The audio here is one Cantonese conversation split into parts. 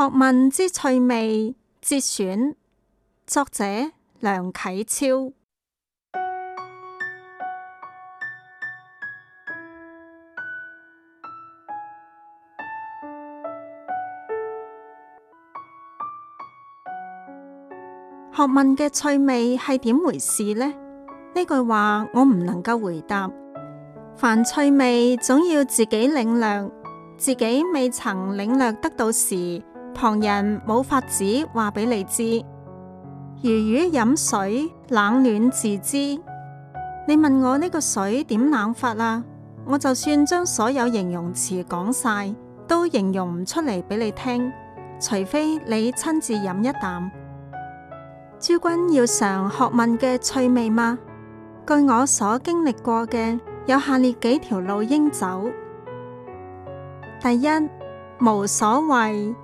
學問之趣味節選，作者梁啟超。學問嘅趣味係點回事呢？呢句話我唔能夠回答。凡趣味總要自己領略，自己未曾領略得到時。旁人冇法子話俾你知，如魚飲水冷暖自知。你問我呢個水點冷法啦，啊，我就算將所有形容詞講晒，都形容唔出嚟俾你聽，除非你親自飲一啖。諸君要嘗學問嘅趣味嗎？據我所經歷過嘅，有下列幾條路應走：第一，無所為。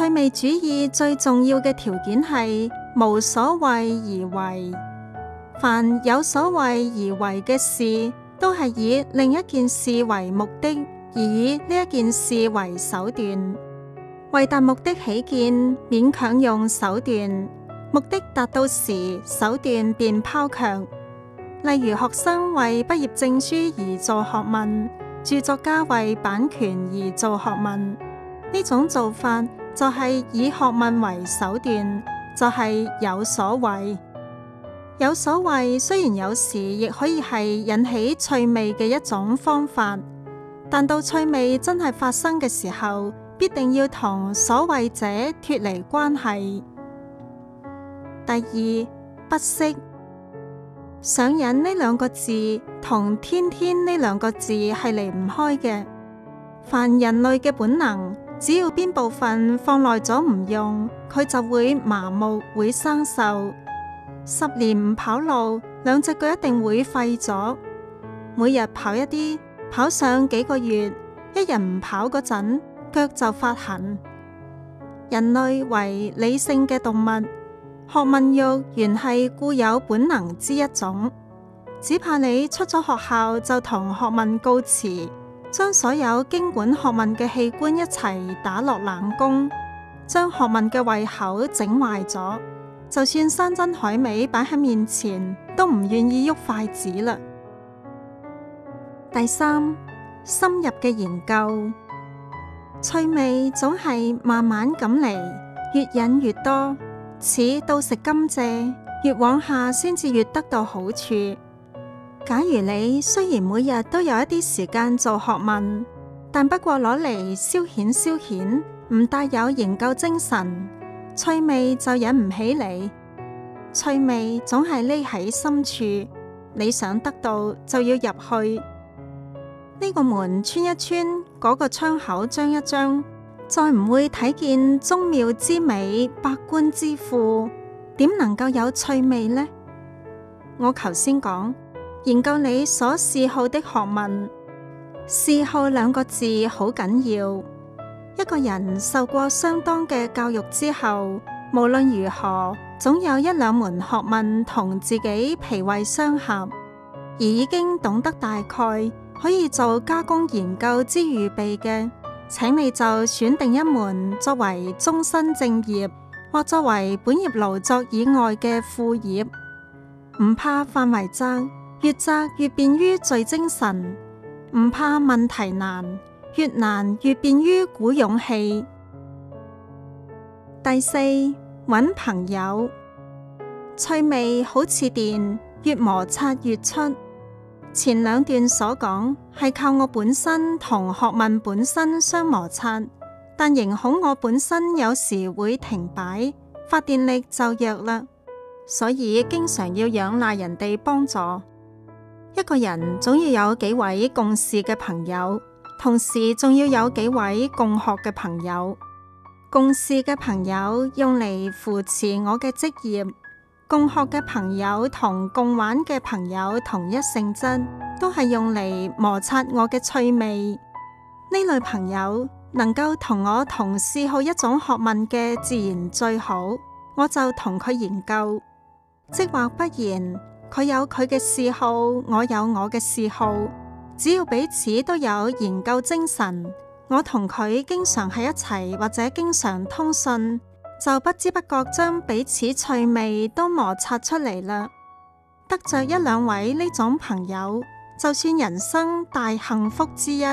趣味主義最重要嘅條件係無所為而為，凡有所為而為嘅事，都係以另一件事為目的，而以呢一件事為手段。為達目的起見，勉強用手段；目的達到時，手段便拋強。例如學生為畢業證書而做學問，著作家為版權而做學問。呢種做法就係以學問為手段，就係、是、有所謂有所謂。雖然有時亦可以係引起趣味嘅一種方法，但到趣味真係發生嘅時候，必定要同所謂者脫離關係。第二，不息。上癮呢兩個字同天天呢兩個字係離唔開嘅，凡人類嘅本能。只要邊部分放耐咗唔用，佢就會麻木，會生鏽。十年唔跑路，兩隻腳一定會廢咗。每日跑一啲，跑上幾個月，一人唔跑嗰陣，腳就發痕。人類為理性嘅動物，學問欲原係固有本能之一種，只怕你出咗學校就同學問告辭。將所有經管學問嘅器官一齊打落冷宮，將學問嘅胃口整壞咗，就算山珍海味擺喺面前，都唔願意喐筷子嘞。第三，深入嘅研究，趣味總係慢慢咁嚟，越引越多，似到食甘蔗，越往下先至越得到好處。假如你雖然每日都有一啲時間做學問，但不過攞嚟消遣消遣，唔帶有研究精神，趣味就引唔起嚟。趣味總係匿喺深處，你想得到就要入去。呢個門穿一穿，嗰個窗口張一張，再唔會睇見宗廟之美，百官之富，點能夠有趣味呢？我頭先講。研究你所嗜好的學問，嗜好兩個字好緊要。一個人受過相當嘅教育之後，無論如何，總有一兩門學問同自己脾胃相合，而已經懂得大概，可以做加工研究之預備嘅，請你就選定一門作為終身正業，或作為本業勞作以外嘅副業，唔怕範圍爭。越窄越便於聚精神，唔怕問題難，越難越便於鼓勇氣。第四，揾朋友。趣味好似電，越摩擦越出。前兩段所講係靠我本身同學問本身相摩擦，但仍恐我本身有時會停擺，發電力就弱啦，所以經常要仰賴人哋幫助。一個人總要有幾位共事嘅朋友，同時仲要有幾位共學嘅朋友。共事嘅朋友用嚟扶持我嘅職業，共學嘅朋友同共玩嘅朋友同一性質，都係用嚟摩擦我嘅趣味。呢類朋友能夠同我同嗜好一種學問嘅自然最好，我就同佢研究。即或不然。佢有佢嘅嗜好，我有我嘅嗜好，只要彼此都有研究精神，我同佢經常喺一齊或者經常通訊，就不知不覺將彼此趣味都磨擦出嚟啦。得着一兩位呢種朋友，就算人生大幸福之一。